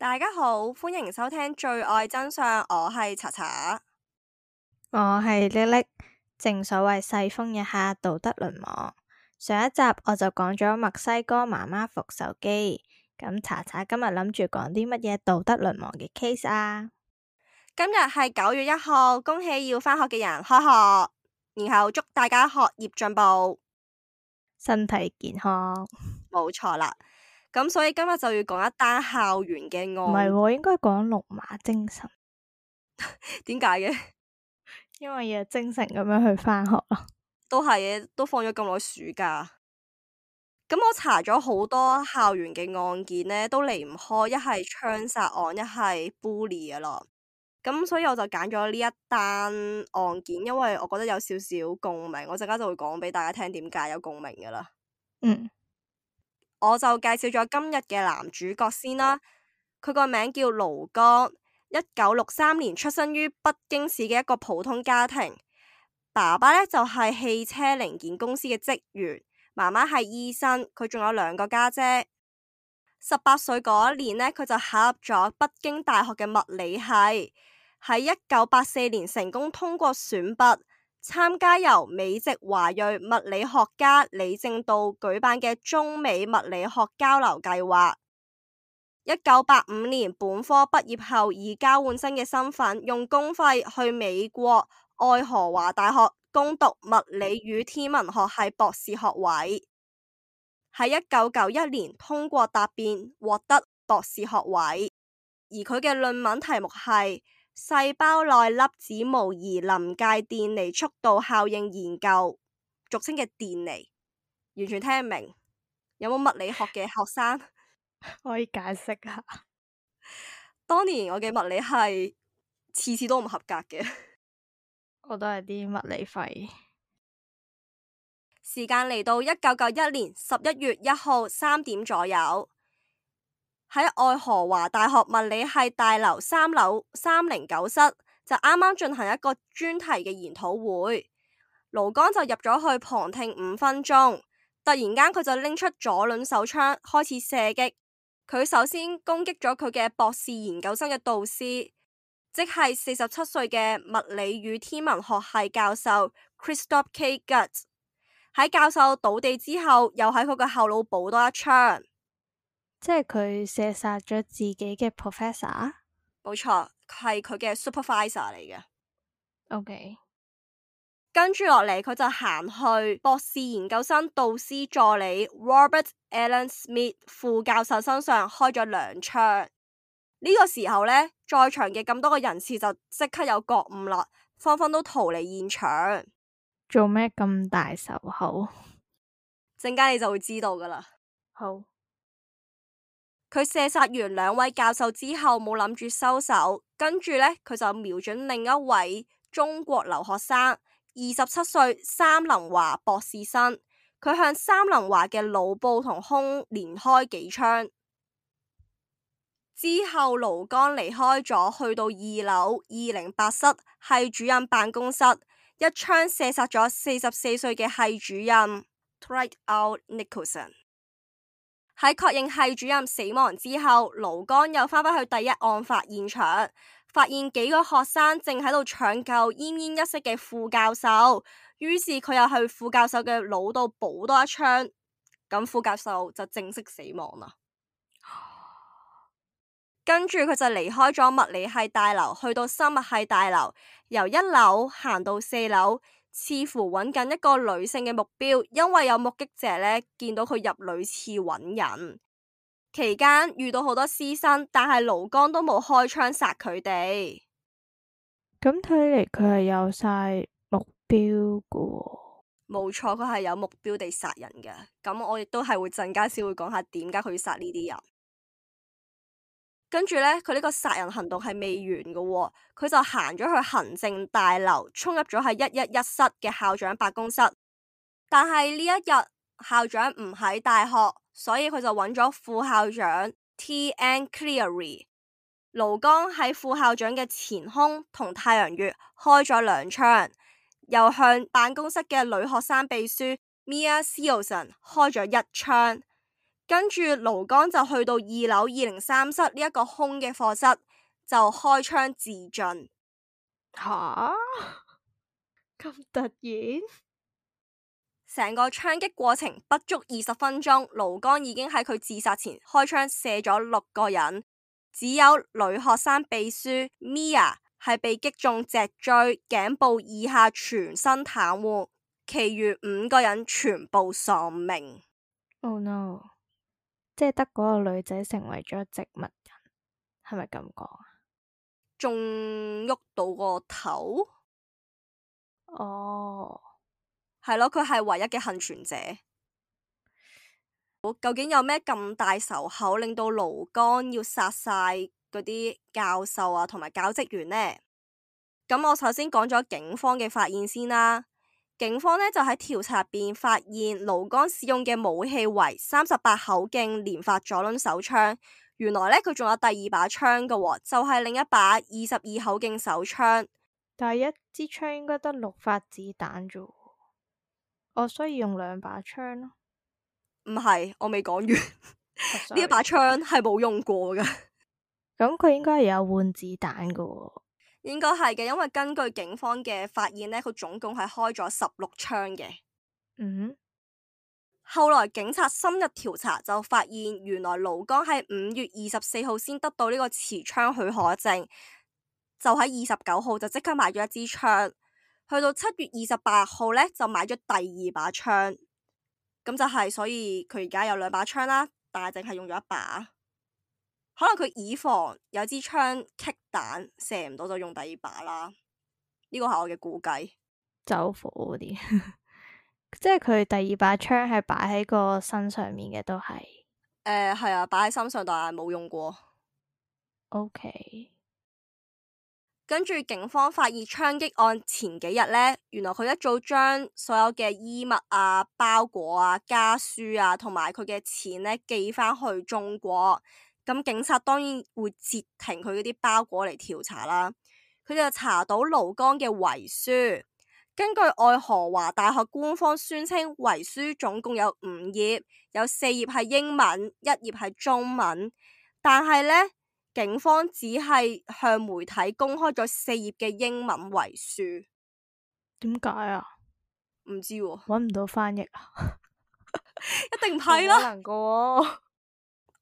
大家好，歡迎收聽《罪愛真相》，我係查查，我係叻叻。正所謂世風日下，道德淪亡。上一集我就講咗墨西哥媽媽復仇記，咁查查今日諗住講啲乜嘢道德淪亡嘅 case 啊？今日係九月一號，恭喜要返學嘅人開學，然後祝大家學業進步，身體健康。冇錯啦。咁所以今日就要講一單校園嘅案，唔係我應該講龍馬精神？點解嘅？ 因為要精神咁樣去翻學咯。都係嘅，都放咗咁耐暑假。咁我查咗好多校園嘅案件咧，都離唔開一係槍殺案，一係 bully 嘅啦。咁所以我就揀咗呢一單案件，因為我覺得有少少共鳴。我陣間就會講俾大家聽點解有共鳴嘅啦。嗯。我就介紹咗今日嘅男主角先啦。佢個名叫盧剛，一九六三年出生於北京市嘅一個普通家庭。爸爸咧就係汽車零件公司嘅職員，媽媽係醫生，佢仲有兩個家姐。十八歲嗰一年呢，佢就考入咗北京大學嘅物理系，喺一九八四年成功通過選拔。參加由美籍華裔物理學家李政道舉辦嘅中美物理學交流計劃。一九八五年本科畢業後，以交換生嘅身份用公費去美國愛荷華大學攻讀物理與天文學系博士學位。喺一九九一年通過答辯，獲得博士學位。而佢嘅論文題目係。細胞內粒子模擬臨界電離速度效應研究，俗稱嘅電離，完全聽唔明。有冇物理學嘅學生可以解釋下？當年我嘅物理係次次都唔合格嘅，我都係啲物理廢。時間嚟到一九九一年十一月一號三點左右。喺愛荷華大學物理系大樓三樓三零九室，就啱啱進行一個專題嘅研討會。盧剛就入咗去旁聽五分鐘，突然間佢就拎出左輪手槍開始射擊。佢首先攻擊咗佢嘅博士研究生嘅導師，即係四十七歲嘅物理與天文學系教授 Christoph K. Goertz。喺教授倒地之後，又喺佢嘅後腦補多一槍。即係佢射殺咗自己嘅 professor，冇錯，係佢嘅 supervisor 嚟嘅。OK，跟住落嚟，佢就行去博士研究生導師助理 Robert Allen Smith 副教授身上開咗兩槍。呢、這個時候呢，在場嘅咁多嘅人士就即刻有覺悟啦，紛紛都逃離現場。做咩咁大手口？陣間你就會知道噶啦。好。佢射殺完兩位教授之後，冇諗住收手，跟住呢，佢就瞄準另一位中國留學生，二十七歲三林華博士生。佢向三林華嘅腦部同胸連開幾槍之後，盧剛離開咗，去到二樓二零八室，系主任辦公室，一槍射殺咗四十四歲嘅系主任，Dwight Nicholson。喺確認系主任死亡之後，盧剛又返返去第一案發現場，發現幾個學生正喺度搶救奄奄一息嘅副教授，於是佢又去副教授嘅腦度補多一槍，咁副教授就正式死亡啦。跟住佢就離開咗物理系大樓，去到生物系大樓，由一樓行到四樓。似乎揾緊一個女性嘅目標，因為有目擊者呢，見到佢入女廁揾人，期間遇到好多私生，但係盧剛都冇開槍殺佢哋。咁睇嚟佢係有晒目標噶、哦。冇錯，佢係有目標地殺人嘅。咁我亦都係會陣間先會講下點解佢要殺呢啲人。跟住咧，佢呢個殺人行動係未完嘅喎、哦，佢就行咗去行政大樓，衝入咗喺一一一室嘅校長辦公室。但係呢一日校長唔喺大學，所以佢就揾咗副校長 T. N. Cleary。盧剛喺副校長嘅前胸同太陽穴開咗兩槍，又向辦公室嘅女學生秘書 Miya Sioson 開咗一槍。跟住盧剛就去到二樓二零三室呢一個空嘅課室，就開槍自盡。吓咁突然，成個槍擊過程不足二十分鐘，盧剛已經喺佢自殺前開槍射咗六個人，只有女學生秘書 Mia 係被擊中脊椎、頸部以下，全身癱瘓，其餘五個人全部喪命。Oh no！即係得嗰個女仔成為咗植物人，係咪咁講啊？仲喐到個頭哦，係咯，oh，佢係唯一嘅幸存者。究竟有咩咁大仇口，令到盧剛要殺晒嗰啲教授啊，同埋教職員呢？咁我首先講咗警方嘅發現先啦。警方咧就喺調查入邊發現，盧剛使用嘅武器為三十八口徑連發左輪手槍。原來咧佢仲有第二把槍噶，就係、是、另一把二十二口徑手槍。第一支槍應該得六發子彈啫、oh，我需要用兩把槍咯。唔係，我未講完，呢 一把槍係冇用過噶 。咁佢應該係有換子彈噶。應該係嘅，因為根據警方嘅發現呢，佢總共係開咗十六槍嘅。嗯哼。後來警察深入調查就發現，原來盧剛喺五月二十四號先得到呢個持槍許可證，就喺二十九號就即刻買咗一支槍，去到七月二十八號呢，就買咗第二把槍。咁就係，所以佢而家有兩把槍啦，但係淨係用咗一把。可能佢以防有支槍擊彈射唔到，就用第二把啦。呢、這個係我嘅估計。走火嗰啲， 即係佢第二把槍係擺喺個身上面嘅，都係。誒係、呃、啊，擺喺心上，但係冇用過。O K。跟住警方發現槍擊案前幾日咧，原來佢一早將所有嘅衣物啊、包裹啊、家書啊同埋佢嘅錢咧寄翻去中國。咁警察當然會截停佢嗰啲包裹嚟調查啦。佢就查到盧剛嘅遺書。根據愛荷華大學官方宣稱，遺書總共有五頁，有四頁係英文，一頁係中文。但係呢，警方只係向媒體公開咗四頁嘅英文遺書。點解啊？唔知喎，揾唔到翻譯 啊！一定係啦。難過。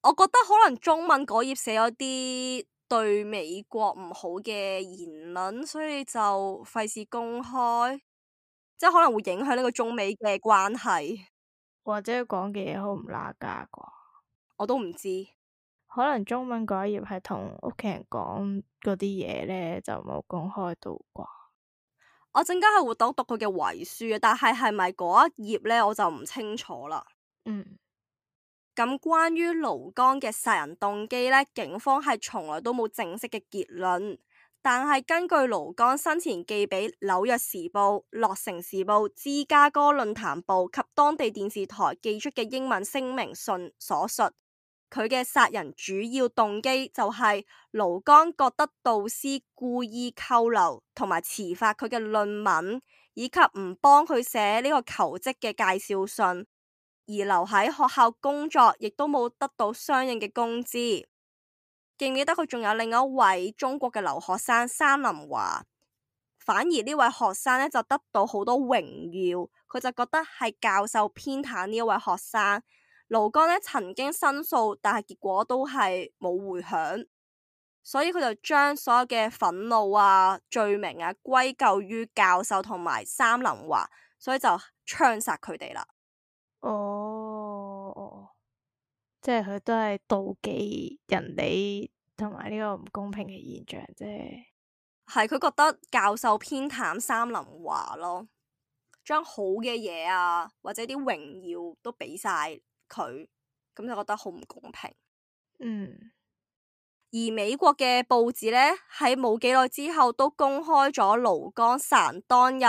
我覺得可能中文嗰頁寫咗啲對美國唔好嘅言論，所以就費事公開，即係可能會影響呢個中美嘅關係，或者講嘅嘢好唔拉架啩？我都唔知，可能中文嗰一頁係同屋企人講嗰啲嘢咧，就冇公開到啩。我陣間係活動讀讀佢嘅遺書嘅，但係係咪嗰一頁咧，我就唔清楚啦。嗯。咁關於盧剛嘅殺人動機咧，警方係從來都冇正式嘅結論。但係根據盧剛生前寄俾紐約時報、洛城時報、芝加哥論壇報及當地電視台寄出嘅英文聲明信所述，佢嘅殺人主要動機就係盧剛覺得導師故意扣留同埋遲發佢嘅論文，以及唔幫佢寫呢個求職嘅介紹信。而留喺學校工作，亦都冇得到相應嘅工資。記唔記得佢仲有另一位中國嘅留學生山林華？反而呢位學生呢就得到好多榮耀，佢就覺得係教授偏袒呢一位學生。盧剛呢曾經申訴，但係結果都係冇回響，所以佢就將所有嘅憤怒啊、罪名啊歸咎於教授同埋山林華，所以就槍殺佢哋啦。哦，oh, 即係佢都係妒忌人哋同埋呢個唔公平嘅現象啫，係佢覺得教授偏袒山林華咯，將好嘅嘢啊，或者啲榮耀都俾晒佢，咁就覺得好唔公平。嗯，而美國嘅報紙呢，喺冇幾耐之後都公開咗盧剛散當日，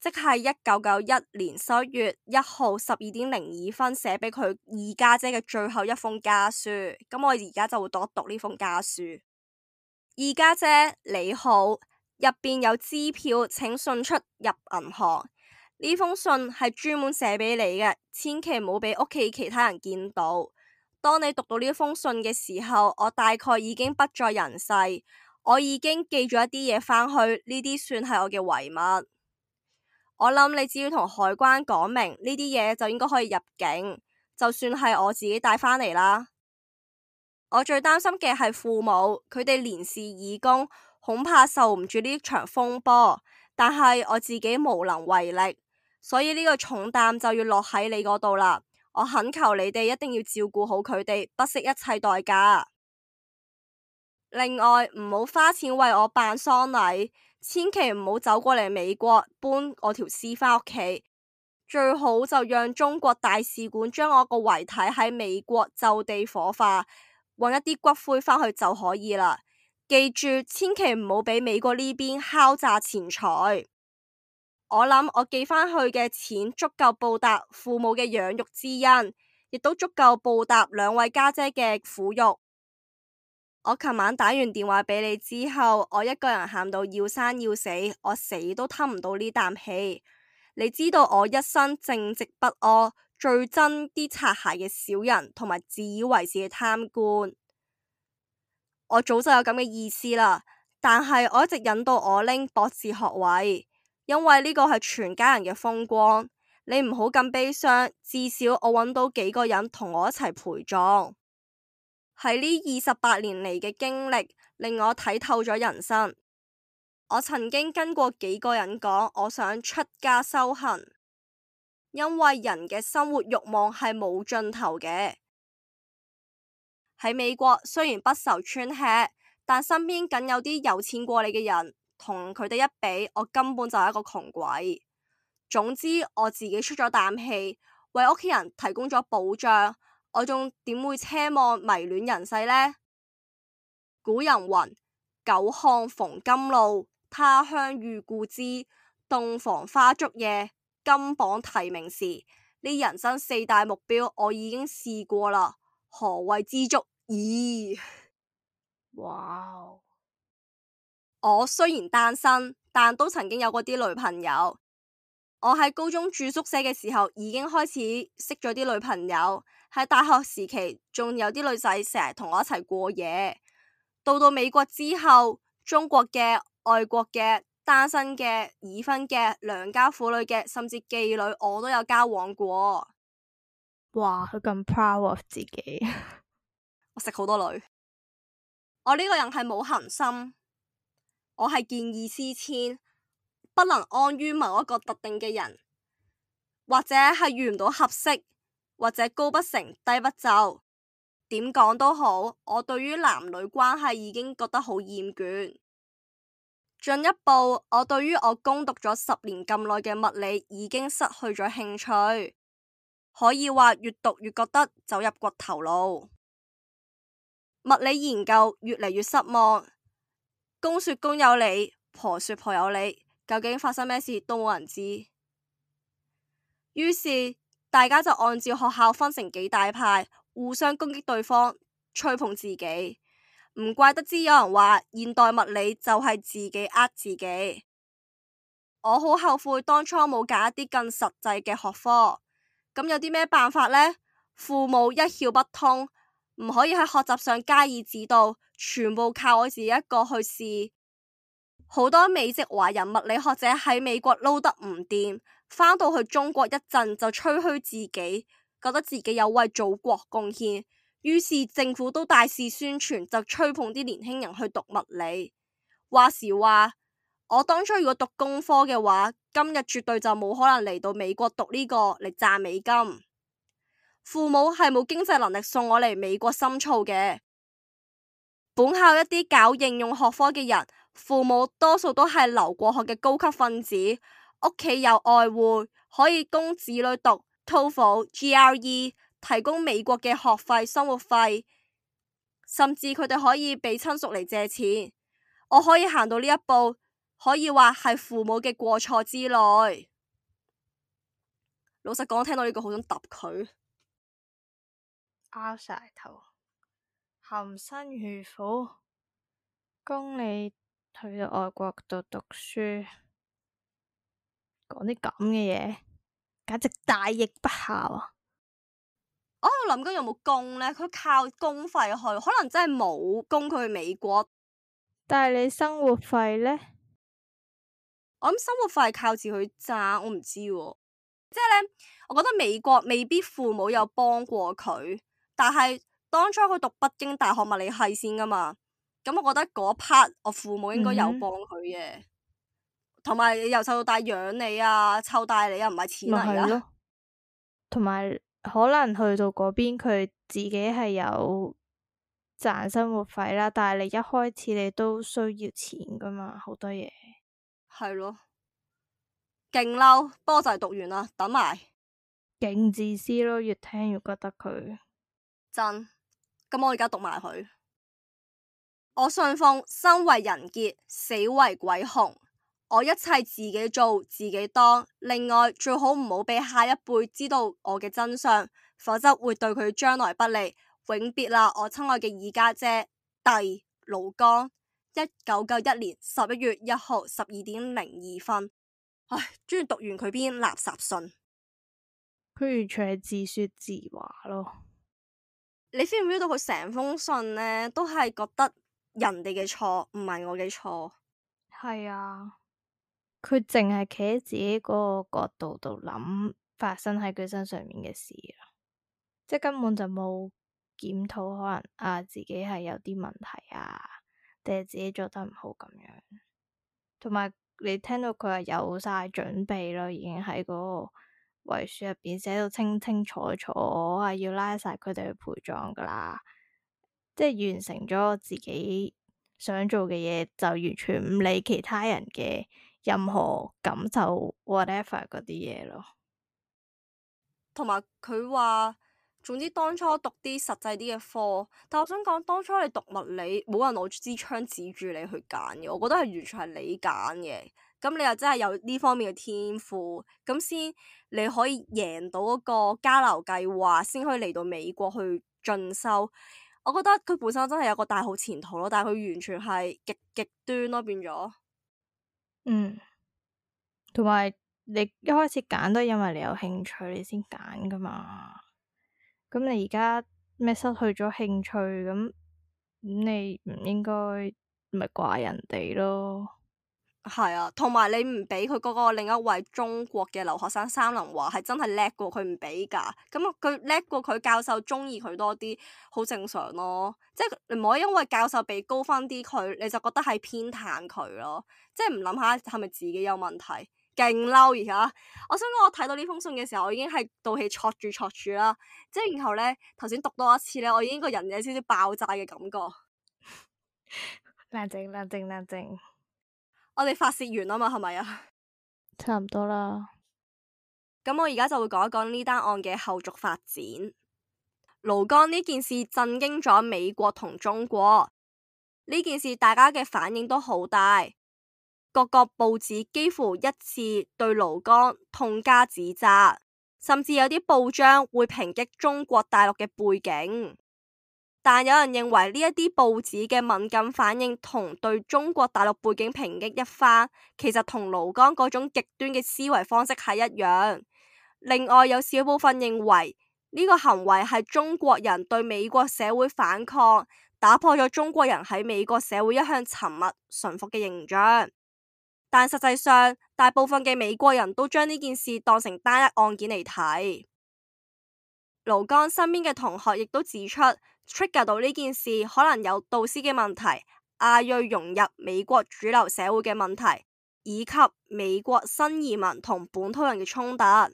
即係一九九一年十一月一號十二點零二分寫俾佢二家姐嘅最後一封家書，咁我而家就會讀一讀呢封家書。二家姐，你好，入邊有支票，請迅速入銀行。呢封信係專門寫畀你嘅，千祈唔好俾屋企其他人見到。當你讀到呢封信嘅時候，我大概已經不在人世，我已經寄咗一啲嘢返去，呢啲算係我嘅遺物。我諗你只要同海關講明呢啲嘢，就應該可以入境，就算係我自己帶返嚟啦。我最擔心嘅係父母，佢哋年事已高，恐怕受唔住呢場風波，但係我自己無能為力，所以呢個重擔就要落喺你嗰度啦。我懇求你哋一定要照顧好佢哋，不惜一切代價。另外，唔好花錢為我辦喪禮。千祈唔好走過嚟美國搬我條屍翻屋企，最好就讓中國大使館將我個遺體喺美國就地火化，搵一啲骨灰翻去就可以啦。記住，千祈唔好俾美國呢邊敲詐錢財。我諗我寄翻去嘅錢足夠報答父母嘅養育之恩，亦都足夠報答兩位家姐嘅撫育。我琴晚打完電話俾你之後，我一個人喊到要生要死，我死都吞唔到呢啖氣。你知道我一生正直不阿，最憎啲擦鞋嘅小人同埋自以為是嘅貪官。我早就有咁嘅意思啦，但係我一直忍到我拎博士學位，因為呢個係全家人嘅風光。你唔好咁悲傷，至少我揾到幾個人同我一齊陪葬。喺呢二十八年嚟嘅經歷，令我睇透咗人生。我曾經跟過幾個人講，我想出家修行，因為人嘅生活欲望係冇盡頭嘅。喺美國雖然不愁穿吃，但身邊僅有啲有錢過你嘅人，同佢哋一比，我根本就係一個窮鬼。總之，我自己出咗啖氣，為屋企人提供咗保障。我仲點會奢望迷戀人世呢？古人云：久旱逢甘露，他鄉遇故知，洞房花燭夜，金榜題名時。呢人生四大目標我已經試過啦，何謂知足？咦？哇！我雖然單身，但都曾經有過啲女朋友。我喺高中住宿舍嘅時候，已經開始識咗啲女朋友。喺大學時期，仲有啲女仔成日同我一齊過夜。到到美國之後，中國嘅、外國嘅、單身嘅、已婚嘅、良家婦女嘅，甚至妓女，我都有交往過。哇！佢咁 proud of 自己。 我食好多女。我呢個人係冇恆心，我係見異思遷，不能安於某一個特定嘅人，或者係遇唔到合適，或者高不成低不就，點講都好，我對於男女關係已經覺得好厭倦。進一步，我對於我攻讀咗十年咁耐嘅物理已經失去咗興趣，可以話越讀越覺得走入骨頭路。物理研究越嚟越失望，公說公有理，婆說婆有理，究竟發生咩事都冇人知。於是，大家就按照學校分成幾大派，互相攻擊對方，吹捧自己。唔怪得知有人話現代物理就係自己呃自己。我好後悔當初冇揀一啲更實際嘅學科。咁有啲咩辦法呢？父母一竅不通，唔可以喺學習上加以指導，全部靠我自己一個去試。好多美籍華人物理學者喺美國撈得唔掂。返到去中國一陣就吹噓自己，覺得自己有為祖國貢獻，於是政府都大肆宣傳，就吹捧啲年輕人去讀物理。話時話我當初如果讀工科嘅話，今日絕對就冇可能嚟到美國讀呢個嚟賺美金。父母係冇經濟能力送我嚟美國深造嘅。本校一啲搞應用學科嘅人，父母多數都係留過學嘅高級分子。屋企有外匯，可以供子女讀 TOEFL、GRE，提供美國嘅學費、生活費，甚至佢哋可以畀親屬嚟借錢。我可以行到呢一步，可以話係父母嘅過錯之類。老實講，聽到呢個好想揼佢，拗晒頭，含辛茹苦供你去到外國度讀書。講啲咁嘅嘢，簡直大逆不孝啊！我喺度諗緊有冇供咧？佢靠公費去，可能真係冇供佢去美國。但係你生活費咧？我諗生活費係靠住佢賺，我唔知喎。即係咧，我覺得美國未必父母有幫過佢，但係當初佢讀北京大學物理系先噶嘛。咁我覺得嗰 part 我父母應該有幫佢嘅。嗯同埋你由細到大養你啊，湊大你啊，又唔係錢嚟啊噶。咪係咯，同埋可能去到嗰邊，佢自己係有賺生活費啦。但係你一開始你都需要錢噶嘛，好多嘢係咯，勁嬲。不過就係讀完啦，等埋。勁自私咯，越聽越覺得佢真。咁我而家讀埋佢，我信奉生為人傑，死為鬼雄。我一切自己做，自己當。另外，最好唔好畀下一輩知道我嘅真相，否則會對佢將來不利。永別啦、啊，我親愛嘅二家姐弟盧剛，一九九一年十一月一號十二點零二分。唉，終於讀完佢篇垃圾信。佢完全係自說自話咯。你 feel 唔 feel 到佢成封信呢？都係覺得人哋嘅錯，唔係我嘅錯。係啊。佢淨係企喺自己嗰個角度度諗發生喺佢身上面嘅事，即係根本就冇檢討可能啊自己係有啲問題啊，定係自己做得唔好咁樣。同埋你聽到佢係有晒準備咯，已經喺嗰個遺書入邊寫到清清楚楚，我要拉晒佢哋去陪葬噶啦，即係完成咗自己想做嘅嘢，就完全唔理其他人嘅。任何感受，whatever 嗰啲嘢咯，同埋佢話，總之當初讀啲實際啲嘅科，但我想講，當初你讀物理，冇人攞支槍指住你去揀嘅，我覺得係完全係你揀嘅。咁你又真係有呢方面嘅天賦，咁先你可以贏到嗰個交流計劃，先可以嚟到美國去進修。我覺得佢本身真係有個大好前途咯，但係佢完全係極極端咯，變咗。嗯，同埋你一開始揀都係因為你有興趣，你先揀㗎嘛。咁你而家咩失去咗興趣，咁你唔應該咪怪人哋咯。係啊，同埋你唔俾佢嗰個另一位中國嘅留學生山林華係真係叻過佢唔俾㗎，咁佢叻過佢教授中意佢多啲，好正常咯。即係你唔可以因為教授俾高分啲佢，你就覺得係偏袒佢咯。即係唔諗下係咪自己有問題，勁嬲而家。我想講我睇到呢封信嘅時候，我已經係肚氣戳住戳住啦。即係然後咧，頭先讀多一次咧，我已經個人有少少爆炸嘅感覺。冷靜，冷靜，冷靜，冷靜。我哋發洩完啊嘛，係咪啊？差唔多啦。咁我而家就會講一講呢單案嘅後續發展。盧剛呢件事震驚咗美國同中國，呢件事大家嘅反應都好大，各個報紙幾乎一致對盧剛痛加指責，甚至有啲報章會抨擊中國大陸嘅背景。但有人認為呢一啲報紙嘅敏感反應同對中國大陸背景抨擊一番，其實同盧剛嗰種極端嘅思維方式係一樣。另外有小部分認為呢、這個行為係中國人對美國社會反抗，打破咗中國人喺美國社會一向沉默、馴服嘅形象。但實際上，大部分嘅美國人都將呢件事當成單一案件嚟睇。盧剛身邊嘅同學亦都指出。Trigger 到呢件事，可能有導師嘅問題，亞裔融入美國主流社會嘅問題，以及美國新移民同本土人嘅衝突。而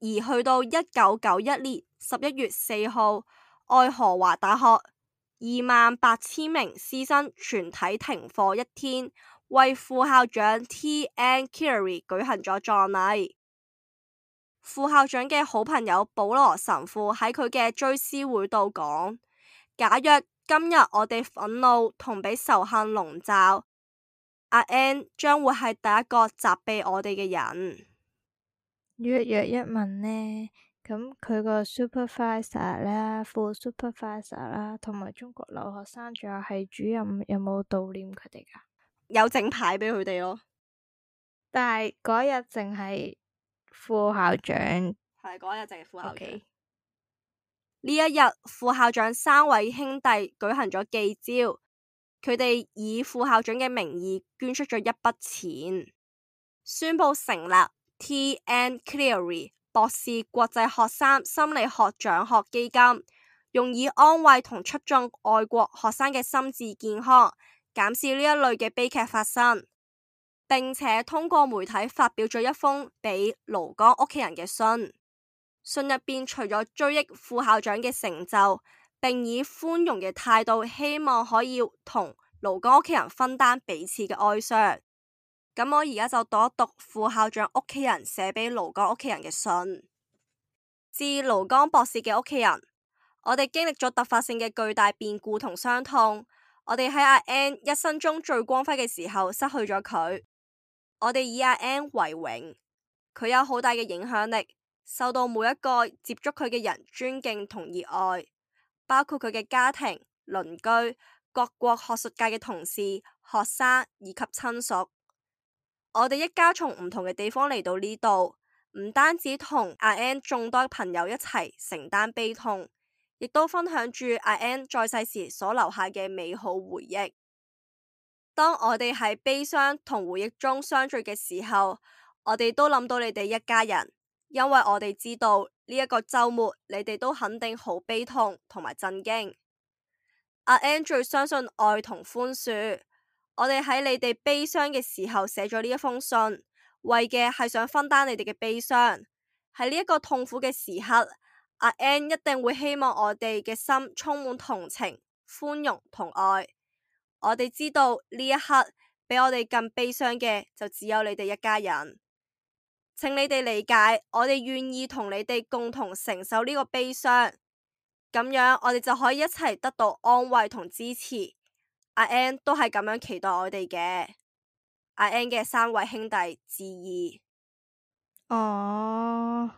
去到一九九一年十一月四號，愛荷華大學二萬八千名師生全體停課一天，為副校長 T. N. Cleary 舉行咗葬禮。副校長嘅好朋友保羅神父喺佢嘅追思會度講：假若今日我哋憤怒同被仇恨籠罩，阿 N 將會係第一個責備我哋嘅人。弱弱一問呢？咁佢個 supervisor 啦，副 supervisor 啦，同埋中國留學生仲有系主任，有冇悼念佢哋㗎？有整排畀佢哋咯。但係嗰日淨係。副校長係嗰日就係副校長。呢 Okay. 一日，副校長三位兄弟舉行咗記招，佢哋以副校長嘅名義捐出咗一筆錢，宣布成立 T. N. Cleary 博士國際學生心理學獎學基金，用以安慰同促進外國學生嘅心智健康，減少呢一類嘅悲劇發生。並且通過媒體發表咗一封俾盧剛屋企人嘅信，信入邊除咗追憶副校長嘅成就，並以寬容嘅態度，希望可以同盧剛屋企人分擔彼此嘅哀傷。咁我而家就讀一讀副校長屋企人寫俾盧剛屋企人嘅信。致盧剛博士嘅屋企人，我哋經歷咗突發性嘅巨大變故同傷痛，我哋喺阿 N 一生中最光輝嘅時候失去咗佢。我哋以阿 Ann 為榮，佢有好大嘅影響力，受到每一個接觸佢嘅人尊敬同熱愛，包括佢嘅家庭、鄰居、各國學術界嘅同事、學生以及親屬。我哋一家從唔同嘅地方嚟到呢度，唔單止同阿 Ann 眾多朋友一齊承擔悲痛，亦都分享住阿 Ann 在世時所留下嘅美好回憶。當我哋喺悲傷同回憶中相聚嘅時候，我哋都諗到你哋一家人，因為我哋知道呢一、這個周末你哋都肯定好悲痛同埋震驚。阿 a n d 相信愛同寬恕，我哋喺你哋悲傷嘅時候寫咗呢一封信，為嘅係想分擔你哋嘅悲傷。喺呢一個痛苦嘅時刻，阿 a n 一定會希望我哋嘅心充滿同情、寬容同愛。我哋知道呢一刻比我哋更悲傷嘅就只有你哋一家人，請你哋理解，我哋願意同你哋共同承受呢個悲傷，咁樣我哋就可以一齊得到安慰同支持。阿 Ann 都係咁樣期待我哋嘅，阿 Ann 嘅三位兄弟致意。哦，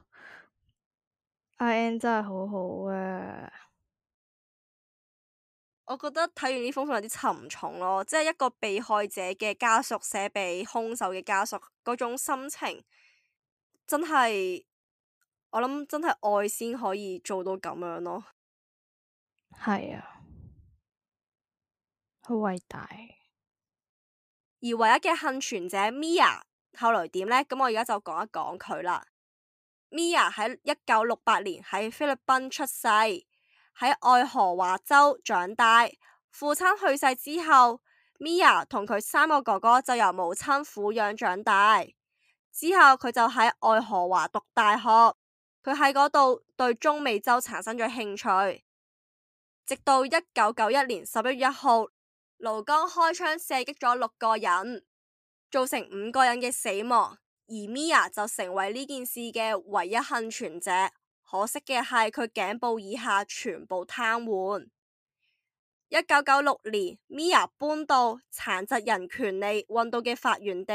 阿 Ann 真係好好啊！我覺得睇完呢封信有啲沉重咯，即係一個被害者嘅家屬寫俾兇手嘅家屬嗰種心情，真係我諗真係愛先可以做到咁樣咯。係啊，好偉大。而唯一嘅幸存者 Mia 後來點呢？咁我而家就講一講佢啦。Mia 喺一九六八年喺菲律賓出世。喺愛荷華州長大。父親去世之後，米亞同佢三個哥哥就由母親撫養長大。之後佢就喺愛荷華讀大學，佢喺嗰度對中美洲產生咗興趣。直到一九九一年十一月一號，盧剛開槍射擊咗六個人，造成五個人嘅死亡，而米亞就成為呢件事嘅唯一幸存者。可惜嘅係，佢頸部以下全部癱瘓。一九九六年，米亞搬到殘疾人權利運動嘅發源地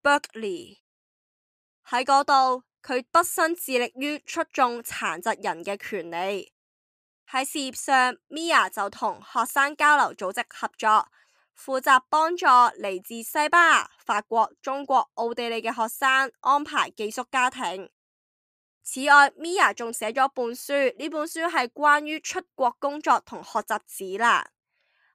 Berkeley，喺嗰度佢畢生致力於出眾殘疾人嘅權利。喺事業上，米亞就同學生交流組織合作，負責幫助嚟自西班牙、法國、中國、奧地利嘅學生安排寄宿家庭。此外，Mia 仲寫咗本書，呢本書係關於出國工作同學習指南。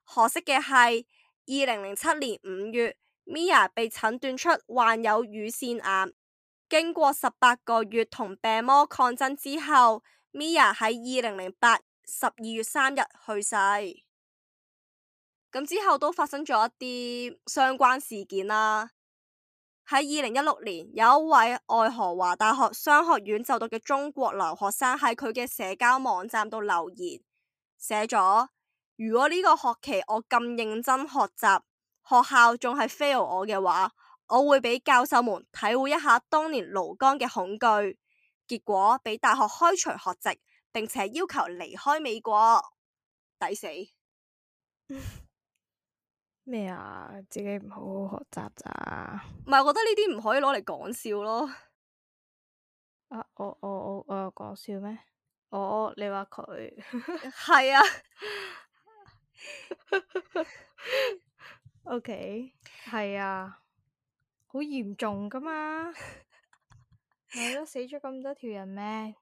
可惜嘅係，二零零七年五月，Mia 被診斷出患有乳腺癌。經過十八個月同病魔抗爭之後，Mia 喺二零零八年十二月三日去世。咁之後都發生咗一啲相關事件啦。喺二零一六年，有一位愛荷華大學商學院就讀嘅中國留學生喺佢嘅社交網站度留言，寫咗：如果呢個學期我咁認真學習，學校仲係 fail 我嘅話，我會俾教授們體會一下當年盧剛嘅恐懼。結果俾大學開除學籍，並且要求離開美國，抵死。 咩啊？自己唔好好學習咋？唔係，我覺得呢啲唔可以攞嚟講笑咯。啊，我我我我有講笑咩？我，我，我、哦、你話佢係啊？O K 係啊，好嚴、 okay？啊、重噶嘛，係咯， 死咗咁多條人命。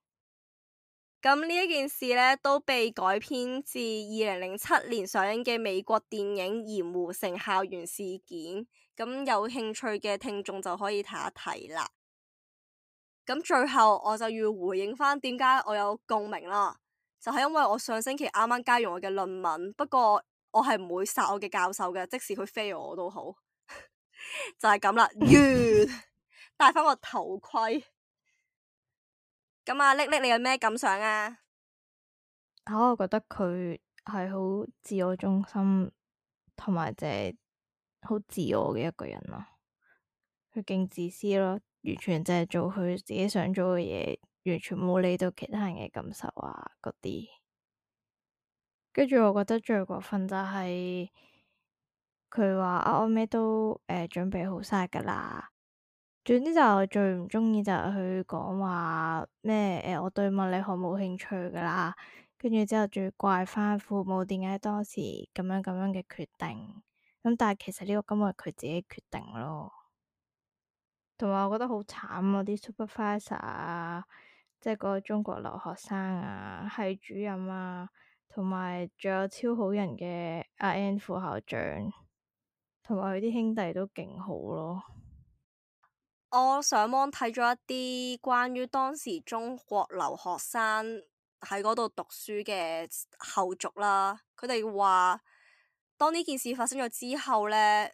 咁呢一件事呢，都被改編自二零零七年上映嘅美國電影《鹽湖城校園事件》。咁有興趣嘅聽眾就可以睇一睇啦。咁最後我就要回應翻點解我有共鳴啦，就係因為我上星期啱啱加入我嘅論文，不過我係唔會殺我嘅教授嘅，即使佢飛我都好。 就係咁啦，完。 戴翻個頭盔。咁阿叻叻，你有咩感想啊？吓，我覺得佢係好自我中心，同埋就係好自我嘅一個人咯。佢勁自私咯，完全就係做佢自己想做嘅嘢，完全冇理到其他人嘅感受啊，嗰啲。跟住，我覺得最過分就係佢話啊、我咩都誒、呃、準備好晒噶啦。總之就最唔鍾意就係佢講話咩，誒，我對物理學冇興趣噶啦，跟住之後最怪翻父母點解當時咁樣咁樣嘅決定，咁、嗯、但係其實呢個根本係佢自己決定咯。同埋我覺得好慘啊，啲 supervisor 啊，即、就、係、是、個中國留學生啊，系主任啊，同埋仲有超好人嘅 Ian 副校長，同埋佢啲兄弟都勁好咯。我上網睇咗一啲關於當時中國留學生喺嗰度讀書嘅後續啦，佢哋話當呢件事發生咗之後呢，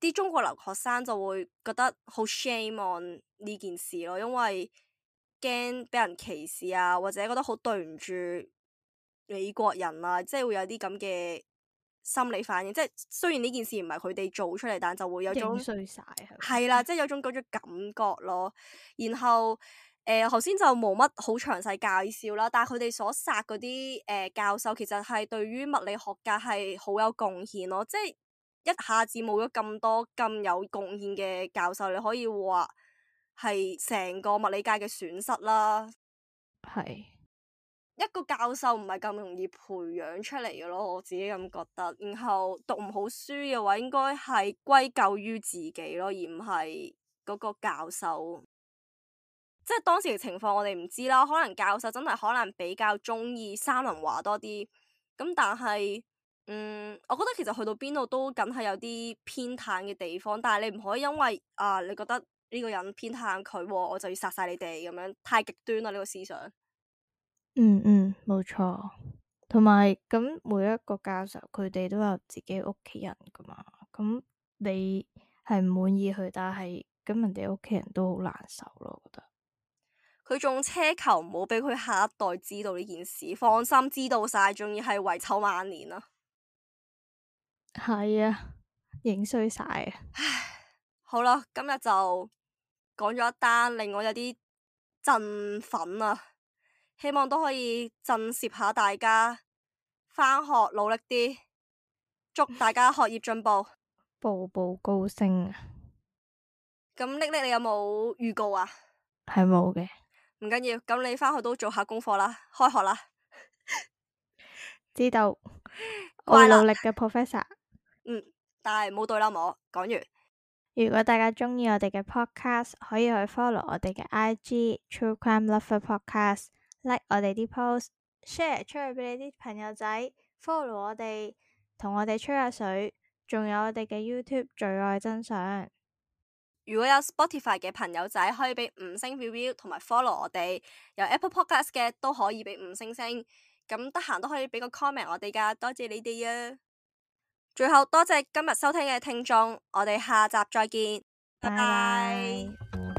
啲中國留學生就會覺得好 shame on 呢件事咯，因為驚俾人歧視啊，或者覺得好對唔住美國人啊，即係會有啲咁嘅。心理反應，即係雖然呢件事唔係佢哋做出嚟，但就會有種，衰晒，係啦，即係有種嗰種感覺咯。然後，誒、呃，頭先就冇乜好詳細介紹啦。但係佢哋所殺嗰啲誒教授，其實係對於物理學界係好有貢獻咯。即係一下子冇咗咁多咁有貢獻嘅教授，你可以話係成個物理界嘅損失啦。係。一個教授唔係咁容易培養出嚟嘅咯，我自己咁覺得。然後讀唔好書嘅話，應該係歸咎於自己咯，而唔係嗰個教授。即係當時嘅情況，我哋唔知啦。可能教授真係可能比較中意三文話多啲。咁但係，嗯，我覺得其實去到邊度都梗係有啲偏袒嘅地方，但係你唔可以因為啊，你覺得呢個人偏袒佢，我就要殺晒你哋咁樣，太極端啦呢個思想。嗯嗯，冇錯，同埋咁每一個教授佢哋都有自己屋企人噶嘛，咁你係唔滿意佢，但係咁人哋屋企人都好難受咯，我覺得。佢仲奢求唔好俾佢下一代知道呢件事，放心知道晒，仲要係遺臭萬年啦。係啊，影衰晒啊！唉，好啦，今日就講咗一單令我有啲振奮啊！希望都可以震懾下大家，翻學努力啲，祝大家學業進步，步步高升啊！咁，叻叻，你有冇預告啊？係冇嘅。唔緊要，咁你翻去都做下功課啦。開學啦！ 知道，我會努力嘅 professor。嗯，但係冇對啦，我講完。如果大家中意我哋嘅 podcast，可以去 follow 我哋嘅 IG True Crime Lover Podcast。like 我哋啲 post，share 出去俾你啲朋友仔，follow 我哋，同我哋吹下水，仲有我哋嘅 YouTube 罪愛真相。如果有 Spotify 嘅朋友仔，可以俾五星 review 同埋 follow 我哋。有 Apple Podcast 嘅都可以俾五星星，咁得閒都可以俾個 comment 我哋噶，多謝你哋啊。最後多謝今日收聽嘅聽眾，我哋下集再見，拜拜 bye。Bye bye